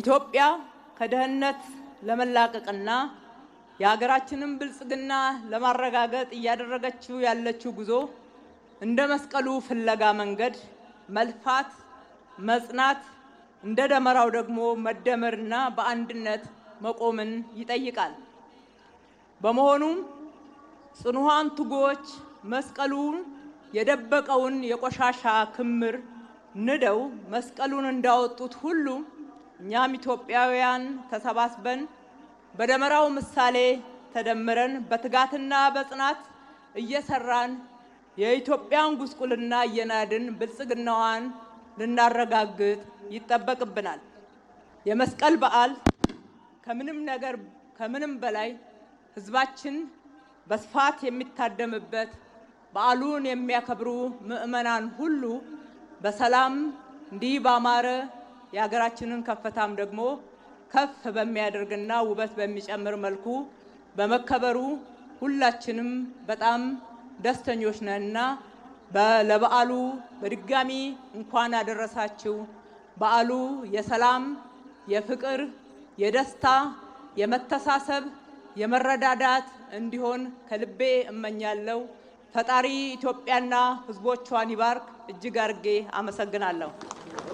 ኢትዮጵያ ከድህነት ለመላቀቅና የሀገራችንን ብልጽግና ለማረጋገጥ እያደረገችው ያለችው ጉዞ እንደ መስቀሉ ፍለጋ መንገድ መልፋት፣ መጽናት፣ እንደ ደመራው ደግሞ መደመርና በአንድነት መቆምን ይጠይቃል። በመሆኑም ጽኑሃን ትጉዎች መስቀሉን የደበቀውን የቆሻሻ ክምር ንደው መስቀሉን እንዳወጡት ሁሉም ። እኛም ኢትዮጵያውያን ተሰባስበን በደመራው ምሳሌ ተደምረን በትጋትና በጽናት እየሰራን የኢትዮጵያን ጉስቁልና እየናድን ብልጽግናዋን ልናረጋግጥ ይጠበቅብናል። የመስቀል በዓል ከምንም ነገር ከምንም በላይ ሕዝባችን በስፋት የሚታደምበት በዓሉን የሚያከብሩ ምዕመናን ሁሉ በሰላም እንዲህ ባማረ የሀገራችንን ከፍታም ደግሞ ከፍ በሚያደርግና ውበት በሚጨምር መልኩ በመከበሩ ሁላችንም በጣም ደስተኞች ነንና ለበዓሉ በድጋሚ እንኳን አደረሳችሁ። በዓሉ የሰላም፣ የፍቅር፣ የደስታ፣ የመተሳሰብ፣ የመረዳዳት እንዲሆን ከልቤ እመኛለሁ። ፈጣሪ ኢትዮጵያና ሕዝቦቿን ይባርክ። እጅግ አርጌ አመሰግናለሁ።